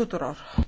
tuturor.